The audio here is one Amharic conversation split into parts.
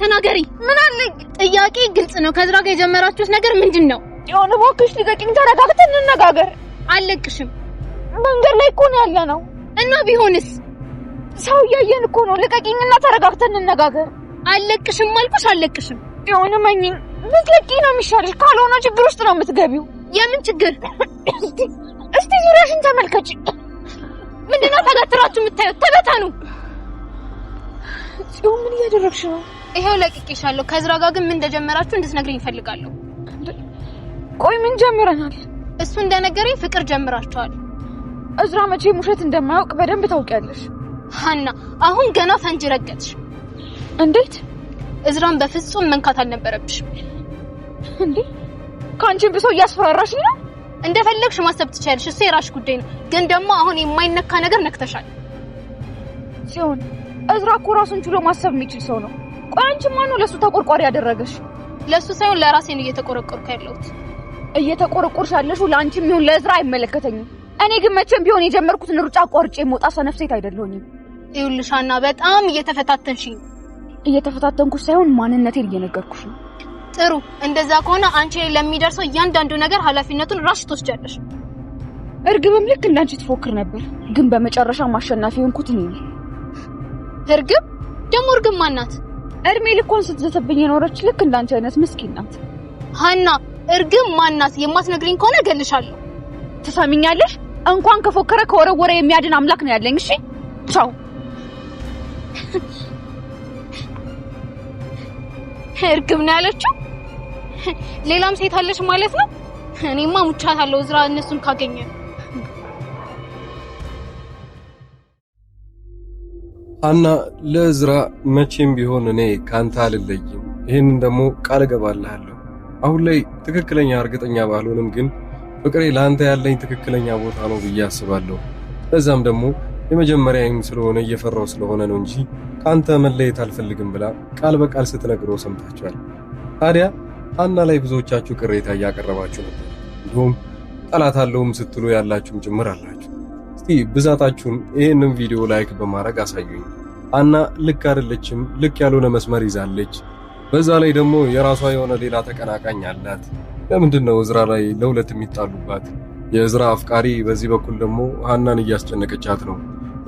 ተናገሪ። ምን አለ? ጥያቄ ግልጽ ነው። ከዝራ ጋር የጀመራችሁት ነገር ምንድን ነው? እባክሽ ልቀቂኝ፣ ተረጋግተን እንነጋገር። አለቅሽም መንገድ ላይ እኮ ነው ያለ ነው እና ቢሆንስ? ሰው እያየን እኮ ነው። ልቀቂኝና ተረጋግተን እንነጋገር። አለቅሽም አልኩሽ፣ አለቅሽም ጽዮን እመኚኝ፣ ነው የሚሻልሽ፣ ካልሆነ ችግር ውስጥ ነው የምትገቢው። የምን ችግር? እስቲ ዙሪያሽን ተመልከች። ምንድነው ተገትራችሁ የምታዩት? ተበተኑ። ጽዮን ምን እያደረግሽ ነው? ይሄው ለቅቄሻለሁ። ከዝራ ጋር ግን ምን እንደጀመራችሁ እንድትነግሪኝ እፈልጋለሁ። ቆይ ምን ጀምረናል? እሱ እንደነገረኝ ፍቅር ጀምራችኋል። እዝራ መቼም ውሸት እንደማያውቅ በደንብ ታውቂያለሽ። ሀና አሁን ገና ፈንጅ ረገጥሽ። እንዴት? እዝራን በፍጹም መንካት አልነበረብሽም። እንዴ ከአንቺን ብሰው እያስፈራራሽ ነው። እንደፈለግሽ ማሰብ ትችያለሽ። እሱ የራስሽ ጉዳይ ነው። ግን ደግሞ አሁን የማይነካ ነገር ነክተሻል ሲሆን እዝራ እኮ ራሱን ችሎ ማሰብ የሚችል ሰው ነው። ቆይ አንቺ ማን ነው ለሱ ተቆርቋሪ ያደረገሽ? ለሱ ሳይሆን ለራሴ ነው እየተቆረቆርኩ ያለሁት። እየተቆረቆርሽ ያለሽው ለአንቺ ይሁን ለእዝራ አይመለከተኝም። እኔ ግን መቼም ቢሆን የጀመርኩትን ሩጫ አቋርጬ መውጣት ሰነፍሴት አይደለሁኝም። ይኸውልሽ ሀና፣ በጣም እየተፈታተንሽ። እየተፈታተንኩሽ ሳይሆን ማንነቴን እየነገርኩሽ ነው። ጥሩ። እንደዛ ከሆነ አንቺ ላይ ለሚደርሰው እያንዳንዱ ነገር ኃላፊነቱን ራስሽ ትወስጃለሽ። እርግብም ልክ እንዳንቺ ትፎክር ነበር፣ ግን በመጨረሻ ማሸናፊ ሆንኩት እኔ። እርግብ ደግሞ እርግብ ማናት? እድሜ ልኳን ስትዘተብኝ የኖረች ልክ እንዳንቺ አይነት ምስኪን ናት። ሀና እርግብ ማናት? የማትነግሪኝ ከሆነ እገልሻለሁ። ትሰሚኛለሽ? እንኳን ከፎከረ ከወረወረ የሚያድን አምላክ ነው ያለኝ። እሺ ቻው። እርግብ ነው ያለችው። ሌላም ሴት አለች ማለት ነው። እኔማ ሙቻታለሁ እዝራ እነሱን ካገኘ። አና ለእዝራ መቼም ቢሆን እኔ ካንተ አልለይም። ይህንን ደግሞ ቃል እገባልሃለሁ። አሁን ላይ ትክክለኛ እርግጠኛ ባልሆንም ግን ፍቅሬ ለአንተ ያለኝ ትክክለኛ ቦታ ነው ብዬ አስባለሁ። በዛም ደግሞ የመጀመሪያም ስለሆነ እየፈራው ስለሆነ ነው እንጂ ከአንተ መለየት አልፈልግም ብላ ቃል በቃል ስትነግሮ ሰምታችኋል። ታዲያ ሀና ላይ ብዙዎቻችሁ ቅሬታ እያቀረባችሁ ነበር። እንዲሁም ጠላት አለውም ስትሉ ያላችሁም ጭምር አላችሁ። እስቲ ብዛታችሁን ይህንም ቪዲዮ ላይክ በማድረግ አሳዩኝ። ሀና ልክ አይደለችም፣ ልክ ያልሆነ መስመር ይዛለች። በዛ ላይ ደግሞ የራሷ የሆነ ሌላ ተቀናቃኝ አላት። ለምንድን ነው እዝራ ላይ ለሁለት የሚጣሉባት? የእዝራ አፍቃሪ በዚህ በኩል ደግሞ ሀናን እያስጨነቀቻት ነው።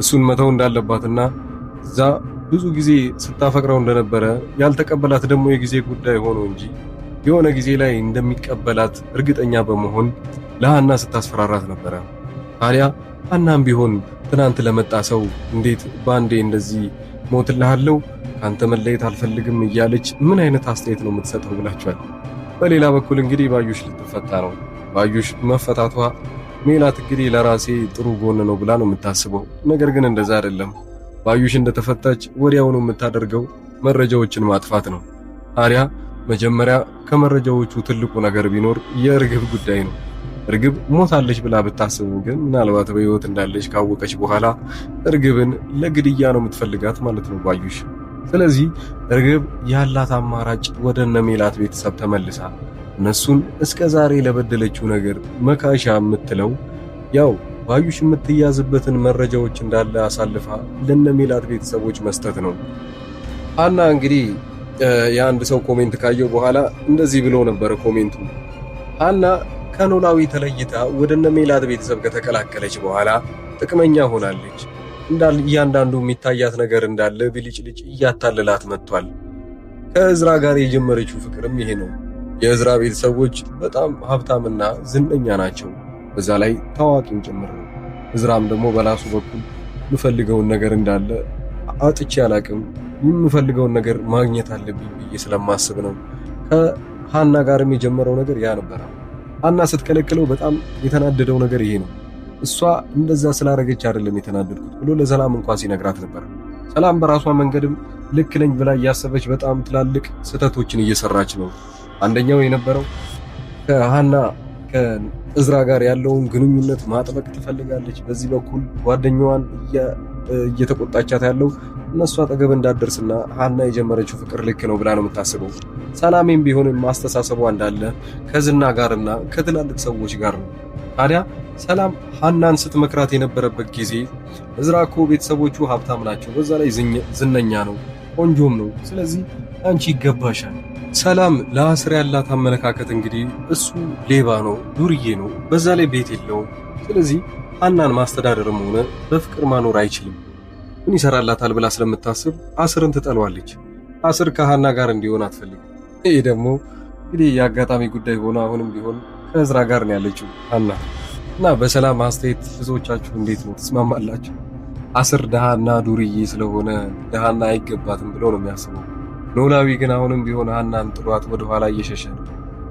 እሱን መተው እንዳለባትና እዛ ብዙ ጊዜ ስታፈቅረው እንደነበረ ያልተቀበላት ደግሞ የጊዜ ጉዳይ ሆኖ እንጂ የሆነ ጊዜ ላይ እንደሚቀበላት እርግጠኛ በመሆን ለሃና ስታስፈራራት ነበረ። ታዲያ ሃናም ቢሆን ትናንት ለመጣ ሰው እንዴት በአንዴ እንደዚህ ሞትልሃለሁ፣ ከአንተ መለየት አልፈልግም እያለች ምን አይነት አስተያየት ነው የምትሰጠው ብላችኋል። በሌላ በኩል እንግዲህ ባዩሽ ልትፈታ ነው። ባዩሽ መፈታቷ ሜላት እንግዲህ ለራሴ ጥሩ ጎን ነው ብላ ነው የምታስበው። ነገር ግን እንደዛ አይደለም። ባዩሽ እንደተፈታች ወዲያውኑ የምታደርገው መረጃዎችን ማጥፋት ነው። ታዲያ መጀመሪያ ከመረጃዎቹ ትልቁ ነገር ቢኖር የእርግብ ጉዳይ ነው። እርግብ ሞታለች ብላ ብታስብም ግን ምናልባት በህይወት እንዳለች ካወቀች በኋላ እርግብን ለግድያ ነው የምትፈልጋት ማለት ነው ባዩሽ። ስለዚህ እርግብ ያላት አማራጭ ወደ እነ ሜላት ቤተሰብ ተመልሳ እነሱን እስከ ዛሬ ለበደለችው ነገር መካሻ የምትለው ያው ባዩሽ የምትያዝበትን መረጃዎች እንዳለ አሳልፋ ለነ ሜላት ቤተሰቦች መስጠት ነው። አና እንግዲህ የአንድ ሰው ኮሜንት ካየው በኋላ እንደዚህ ብሎ ነበረ ኮሜንቱ። ሀና ከኖላዊ ተለይታ ወደ እነ ሜላት ቤተሰብ ከተቀላቀለች በኋላ ጥቅመኛ ሆናለች። እያንዳንዱ የሚታያት ነገር እንዳለ ብልጭልጭ እያታለላት መጥቷል። ከእዝራ ጋር የጀመረችው ፍቅርም ይሄ ነው። የእዝራ ቤተሰቦች በጣም ሀብታምና ዝነኛ ናቸው። በዛ ላይ ታዋቂም ጭምር ነው። እዝራም ደግሞ በራሱ በኩል የምፈልገውን ነገር እንዳለ አጥቼ አላቅም የምፈልገውን ነገር ማግኘት አለብኝ ብዬ ስለማስብ ነው። ከሀና ጋርም የጀመረው ነገር ያ ነበረ። ሀና ስትከለክለው በጣም የተናደደው ነገር ይሄ ነው። እሷ እንደዛ ስላረገች አይደለም የተናደድኩት ብሎ ለሰላም እንኳን ሲነግራት ነበር። ሰላም በራሷ መንገድም ልክ ነኝ ብላ እያሰበች በጣም ትላልቅ ስህተቶችን እየሰራች ነው። አንደኛው የነበረው ከሀና ከእዝራ ጋር ያለውን ግንኙነት ማጥበቅ ትፈልጋለች። በዚህ በኩል ጓደኛዋን እየተቆጣቻት ያለው እነሱ አጠገብ እንዳደርስና ሀና የጀመረችው ፍቅር ልክ ነው ብላ ነው የምታስበው። ሰላሜም ቢሆን ማስተሳሰቧ እንዳለ ከዝና ጋርና ከትላልቅ ሰዎች ጋር ነው። ታዲያ ሰላም ሀናን ስትመክራት የነበረበት ጊዜ እዝራ እኮ ቤተሰቦቹ ሀብታም ናቸው፣ በዛ ላይ ዝነኛ ነው፣ ቆንጆም ነው። ስለዚህ አንቺ ይገባሻል። ሰላም ለአስር ያላት አመለካከት እንግዲህ እሱ ሌባ ነው፣ ዱርዬ ነው፣ በዛ ላይ ቤት የለውም። ስለዚህ አናን ማስተዳደርም ሆነ በፍቅር ማኖር አይችልም። ምን ይሰራላታል ብላ ስለምታስብ አስርን ትጠሏለች። አስር ከሃና ጋር እንዲሆን አትፈልግም። ይሄ ደግሞ እንግዲህ የአጋጣሚ ጉዳይ ሆነ። አሁንም ቢሆን ከእዝራ ጋር ነው ያለችው አና እና በሰላም አስተያየት ብዙዎቻችሁ እንዴት ነው ትስማማላችሁ? አስር ደሃና ዱርዬ ስለሆነ ደሃና አይገባትም ብሎ ነው የሚያስበው። ኖላዊ ግን አሁንም ቢሆን ሃናን ጥሏት ወደኋላ እየሸሸ ነው።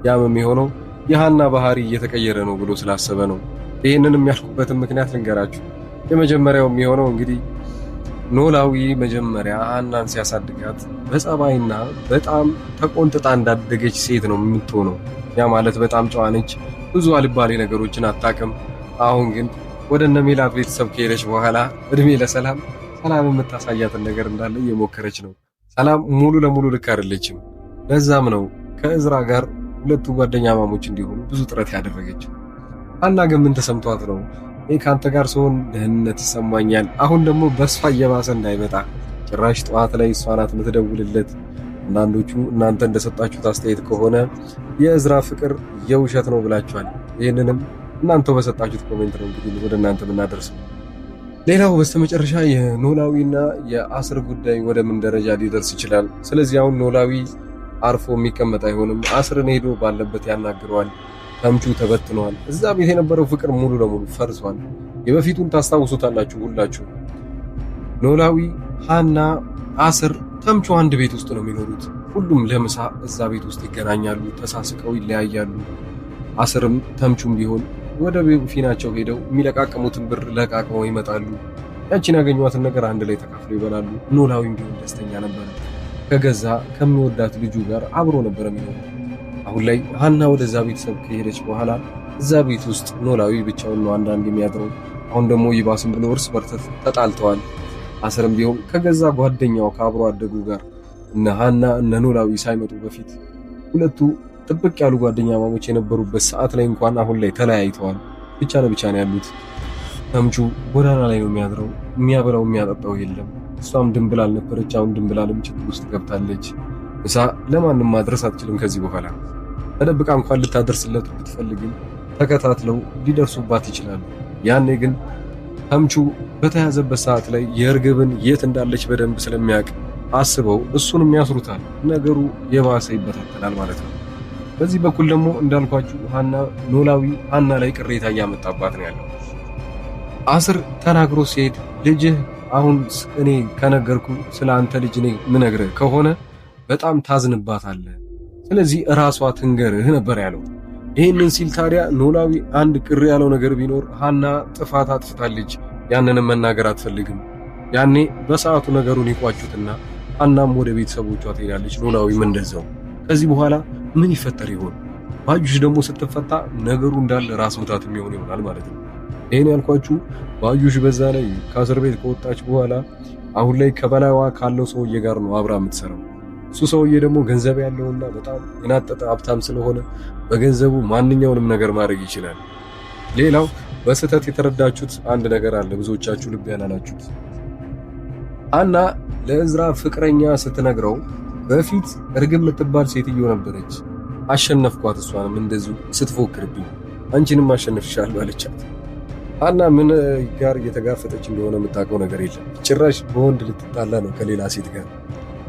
ያም የሚሆነው የሃና ባህሪ እየተቀየረ ነው ብሎ ስላሰበ ነው። ይህንን የሚያልኩበትን ምክንያት ልንገራችሁ። የመጀመሪያው የሚሆነው እንግዲህ ኖላዊ መጀመሪያ ሀናን ሲያሳድጋት በጸባይና በጣም ተቆንጥጣ እንዳደገች ሴት ነው የምትሆነው። ያ ማለት በጣም ጨዋነች፣ ብዙ አልባሌ ነገሮችን አታውቅም። አሁን ግን ወደ እነ ሜላት ቤተሰብ ከሄደች በኋላ እድሜ ለሰላም ሰላም የምታሳያትን ነገር እንዳለ እየሞከረች ነው። ሰላም ሙሉ ለሙሉ ልክ አይደለችም። ለዛም ነው ከእዝራ ጋር ሁለቱ ጓደኛ ማሞች እንዲሆኑ ብዙ ጥረት ያደረገችው። ሀና ግን ምን ተሰምቷት ነው? ይሄ ከአንተ ጋር ስሆን ደህንነት ይሰማኛል። አሁን ደግሞ በስፋ እየባሰ እንዳይመጣ ጭራሽ ጠዋት ላይ እሷ ናት የምትደውልለት። አንዳንዶቹ እናንተ እንደሰጣችሁት አስተያየት ከሆነ የእዝራ ፍቅር የውሸት ነው ብላችኋል። ይህንንም እናንተው በሰጣችሁት ኮሜንት ነው እንግዲህ ወደ እናንተ የምናደርሰው። ሌላው በስተመጨረሻ የኖላዊና የአስር ጉዳይ ወደ ምን ደረጃ ሊደርስ ይችላል? ስለዚህ አሁን ኖላዊ አርፎ የሚቀመጥ አይሆንም። አስርን ሄዶ ባለበት ያናግረዋል። ተምቹ ተበትነዋል። እዛ ቤት የነበረው ፍቅር ሙሉ ለሙሉ ፈርሷል። የበፊቱን ታስታውሱታላችሁ ሁላችሁ። ኖላዊ፣ ሃና፣ አስር፣ ተምቹ አንድ ቤት ውስጥ ነው የሚኖሩት። ሁሉም ለምሳ እዛ ቤት ውስጥ ይገናኛሉ፣ ተሳስቀው ይለያያሉ። አስርም ተምቹም ቢሆን ወደ ፊናቸው ሄደው የሚለቃቀሙትን ብር ለቃቅመው ይመጣሉ። ያቺን ያገኟትን ነገር አንድ ላይ ተካፍለው ይበላሉ። ኖላዊም ቢሆን ደስተኛ ነበር። ከገዛ ከሚወዳት ልጁ ጋር አብሮ ነበር የሚኖሩት። አሁን ላይ ሀና ወደዛ ቤተሰብ ከሄደች በኋላ እዛ ቤት ውስጥ ኖላዊ ብቻውን ነው አንዳንድ የሚያድረው። አሁን ደግሞ ይባስም ብሎ እርስ በርተት ተጣልተዋል። አስርም ቢሆን ከገዛ ጓደኛው ከአብሮ አደጉ ጋር እነ ሀና እነ ኖላዊ ሳይመጡ በፊት ሁለቱ ጥብቅ ያሉ ጓደኛ ማሞች የነበሩበት ሰዓት ላይ እንኳን አሁን ላይ ተለያይተዋል። ብቻ ለብቻ ነው ያሉት። ተምቹ ጎዳና ላይ ነው የሚያድረው። የሚያበላው የሚያጠጣው የለም። እሷም ድንብላል ነበረች። አሁን ድንብላልም ችግር ውስጥ ገብታለች። ምሳ ለማንም ማድረስ አትችልም ከዚህ በኋላ። ተደብቃ እንኳን ልታደርስለት ብትፈልግም ተከታትለው ሊደርሱባት ይችላሉ። ያኔ ግን ተምቹ በተያዘበት ሰዓት ላይ የእርግብን የት እንዳለች በደንብ ስለሚያውቅ አስበው እሱንም ያስሩታል። ነገሩ የባሰ ይበታተናል ማለት ነው። በዚህ በኩል ደግሞ እንዳልኳችሁ ሀና ኖላዊ ሀና ላይ ቅሬታ እያመጣባት ነው ያለው። አስር ተናግሮ ሲሄድ ልጅህ አሁን እኔ ከነገርኩ ስለ አንተ ልጅ እኔ ምነግርህ ከሆነ በጣም ታዝንባታለ። ስለዚህ እራሷ ትንገርህ ነበር ያለው። ይህንን ሲል ታዲያ ኖላዊ አንድ ቅር ያለው ነገር ቢኖር ሃና ጥፋት አጥፍታለች፣ ያንንም መናገር አትፈልግም። ያኔ በሰዓቱ ነገሩን ይቋጩትና አናም ወደ ቤተሰቦቿ ትሄዳለች። ኖላዊም እንደዛው። ከዚህ በኋላ ምን ይፈጠር ይሆን? ባዩሽ ደግሞ ስትፈታ ነገሩ እንዳለ ራስ ምታት የሚሆን ይሆናል ማለት ነው። ይህን ያልኳችሁ ባዩሽ በዛ ላይ ከእስር ቤት ከወጣች በኋላ አሁን ላይ ከበላይዋ ካለው ሰውዬ ጋር ነው አብራ የምትሰራው። እሱ ሰውዬ ደግሞ ገንዘብ ያለውና በጣም የናጠጠ ሀብታም ስለሆነ በገንዘቡ ማንኛውንም ነገር ማድረግ ይችላል። ሌላው በስህተት የተረዳችሁት አንድ ነገር አለ፣ ብዙዎቻችሁ ልብ ያላላችሁት። አና ለእዝራ ፍቅረኛ ስትነግረው በፊት እርግብ የምትባል ሴትዮ ነበረች፣ አሸነፍኳት፣ እሷንም እንደዚሁ ስትፎክርብኝ አንቺንም አሸንፍሻል ባለቻት። አና ምን ጋር እየተጋፈጠች እንደሆነ የምታውቀው ነገር የለም። ጭራሽ በወንድ ልትጣላ ነው ከሌላ ሴት ጋር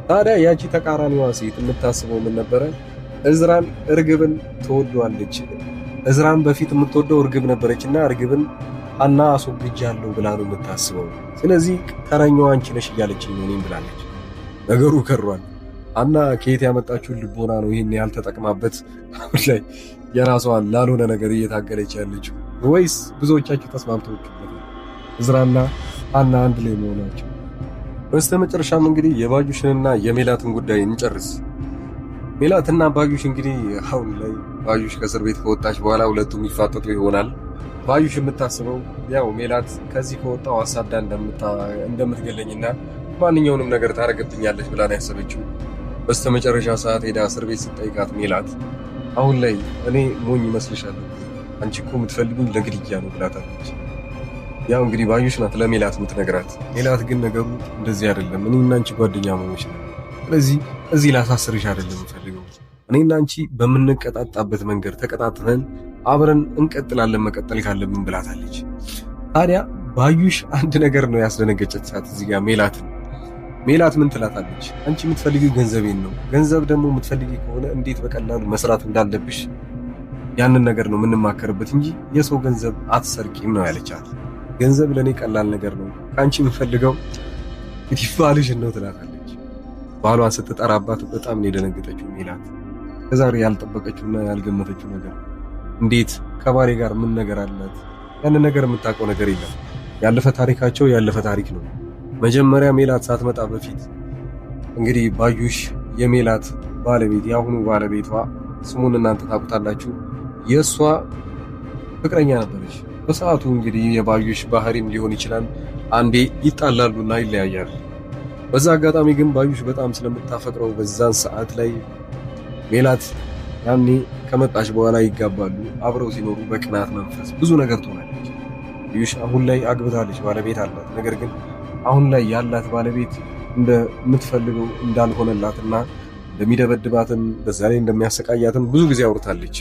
ታዲያ ያቺ ተቃራኒዋ ሴት የምታስበው ምን ነበረ? እዝራን እርግብን ትወዷለች። እዝራን በፊት የምትወደው እርግብ ነበረች እና እርግብን አና አስወግጃለሁ ብላ ነው የምታስበው። ስለዚህ ተረኛዋ አንቺ ነሽ እያለችኝ እኔም ብላለች። ነገሩ ከሯል። አና ከየት ያመጣችውን ልቦና ነው ይህን ያልተጠቅማበት አሁን ላይ የራሷን ላልሆነ ነገር እየታገለች ያለችው? ወይስ ብዙዎቻችሁ ተስማምተው እዝራና አና አንድ ላይ መሆናቸው በስተመጨረሻም እንግዲህ የባዩሽንና የሜላትን ጉዳይ እንጨርስ። ሜላትና ባዩሽ እንግዲህ አሁን ላይ ባዩሽ ከእስር ቤት ከወጣች በኋላ ሁለቱም ይፋጠጡ ይሆናል። ባዩሽ የምታስበው ያው ሜላት ከዚህ ከወጣው አሳዳ እንደምትገለኝና ማንኛውንም ነገር ታረገብኛለች ብላን ያሰበችው ያሰበችው። በስተመጨረሻ ሰዓት ሄዳ እስር ቤት ስጠይቃት ሜላት አሁን ላይ እኔ ሞኝ ይመስልሻለሁ አንቺ እኮ የምትፈልጉኝ ለግድያ ነው ብላታለች። ያው እንግዲህ ባዩሽ ናት ለሜላት የምትነግራት። ሜላት ግን ነገሩ እንደዚህ አይደለም፣ እኔ እና አንቺ ጓደኛ መሞች ነው። ስለዚህ እዚህ ላሳስርሽ አይደለም የምፈልገው። እኔ እና አንቺ በምንቀጣጣበት መንገድ ተቀጣጥተን አብረን እንቀጥላለን መቀጠል ካለብን ብላታለች። ታዲያ ባዩሽ አንድ ነገር ነው ያስደነገጨት ሰዓት እዚህ ጋር ሜላትን ሜላት ምን ትላታለች? አንቺ የምትፈልጊ ገንዘቤን ነው። ገንዘብ ደግሞ የምትፈልጊ ከሆነ እንዴት በቀላሉ መስራት እንዳለብሽ ያንን ነገር ነው የምንማከርበት እንጂ የሰው ገንዘብ አትሰርቂም ነው ያለቻት። ገንዘብ ለእኔ ቀላል ነገር ነው፣ ከአንቺ የምፈልገው እንግዲህ ባልሽን ነው ትላታለች። ባሏን ስትጠራባት በጣም ነው የደነገጠችው ሜላት። ከዛሬ ያልጠበቀችውና ያልገመተችው ነገር እንዴት ከባሌ ጋር ምን ነገር አላት? ያን ነገር የምታውቀው ነገር የለም። ያለፈ ታሪካቸው ያለፈ ታሪክ ነው። መጀመሪያ ሜላት ሳትመጣ በፊት እንግዲህ ባዩሽ የሜላት ባለቤት የአሁኑ ባለቤቷ ስሙን እናንተ ታውቁታላችሁ፣ የእሷ ፍቅረኛ ነበረች። በሰዓቱ እንግዲህ የባዩሽ ባህሪም ሊሆን ይችላል። አንዴ ይጣላሉና ይለያያሉ። በዛ አጋጣሚ ግን ባዩሽ በጣም ስለምታፈቅረው በዛን ሰዓት ላይ ሜላት ያኔ ከመጣች በኋላ ይጋባሉ። አብረው ሲኖሩ በቅናት መንፈስ ብዙ ነገር ትሆናለች። ባዩሽ አሁን ላይ አግብታለች፣ ባለቤት አላት። ነገር ግን አሁን ላይ ያላት ባለቤት እንደምትፈልገው እንዳልሆነላትና እንደሚደበድባትም በዛ ላይ እንደሚያሰቃያትም ብዙ ጊዜ አውርታለች።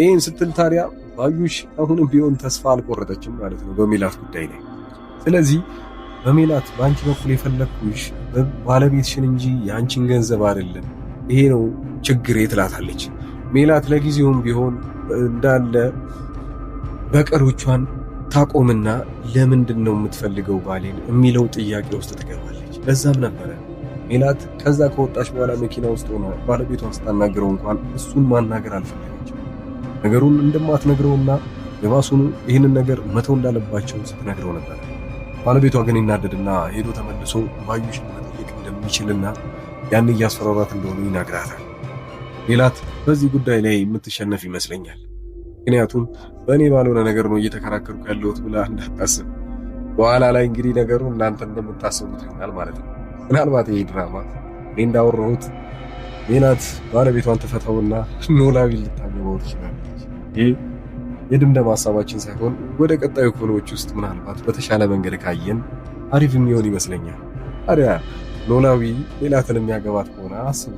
ይህን ስትል ታዲያ ባዩሽ አሁንም ቢሆን ተስፋ አልቆረጠችም ማለት ነው በሜላት ጉዳይ ላይ። ስለዚህ በሜላት በአንቺ በኩል የፈለግኩሽ ባለቤትሽን እንጂ የአንቺን ገንዘብ አይደለም፣ ይሄ ነው ችግሬ ትላታለች። ሜላት ለጊዜውም ቢሆን እንዳለ በቀሎቿን ታቆምና ለምንድን ነው የምትፈልገው ባሌን የሚለው ጥያቄ ውስጥ ትገባለች። ለዛም ነበረ ሜላት ከዛ ከወጣች በኋላ መኪና ውስጥ ሆነ ባለቤቷን ስታናግረው እንኳን እሱን ማናገር አልፈለገም። ነገሩን እንደማትነግረውና የባሱኑ ይህንን ነገር መተው እንዳለባቸው ስትነግረው ነበር። ባለቤቷ ግን ይናደድና ሄዶ ተመልሶ ባዩሽን መጠየቅ እንደሚችልና ያን እያስፈራራት እንደሆኑ ይናግራታል። ሌላት በዚህ ጉዳይ ላይ የምትሸነፍ ይመስለኛል። ምክንያቱም በእኔ ባልሆነ ነገር ነው እየተከራከርኩ ያለሁት ብላ እንዳታስብ። በኋላ ላይ እንግዲህ ነገሩ እናንተ እንደምታስቡት ይሆናል ማለት ነው። ምናልባት ይሄ ድራማ እኔ እንዳወራሁት ሌላት ባለቤቷን ትፈታውና ኖላዊ ልታገባው ትችላለች። ይህ የድምደም ሀሳባችን ሳይሆን ወደ ቀጣዩ ክፍሎች ውስጥ ምናልባት በተሻለ መንገድ ካየን አሪፍ የሚሆን ይመስለኛል። ታዲያ ኖላዊ ሌላትን የሚያገባት ከሆነ አስቡ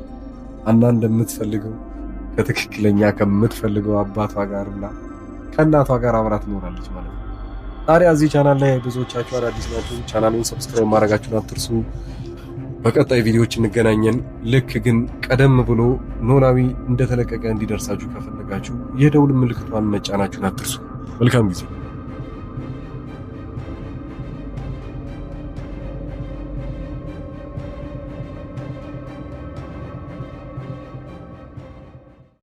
አና እንደምትፈልገው ከትክክለኛ ከምትፈልገው አባቷ ጋርና ከእናቷ ጋር አብራ ትኖራለች ማለት ነው። ታዲያ እዚህ ቻናል ላይ ብዙዎቻችሁ አዳዲስ ናችሁ። ቻናሉን ሰብስክራይብ ማድረጋችሁን አትርሱ። በቀጣይ ቪዲዮዎች እንገናኘን። ልክ ግን ቀደም ብሎ ኖላዊ እንደተለቀቀ እንዲደርሳችሁ ከፈለጋችሁ የደውል ምልክቷን መጫናችሁን አትርሱ። መልካም ጊዜ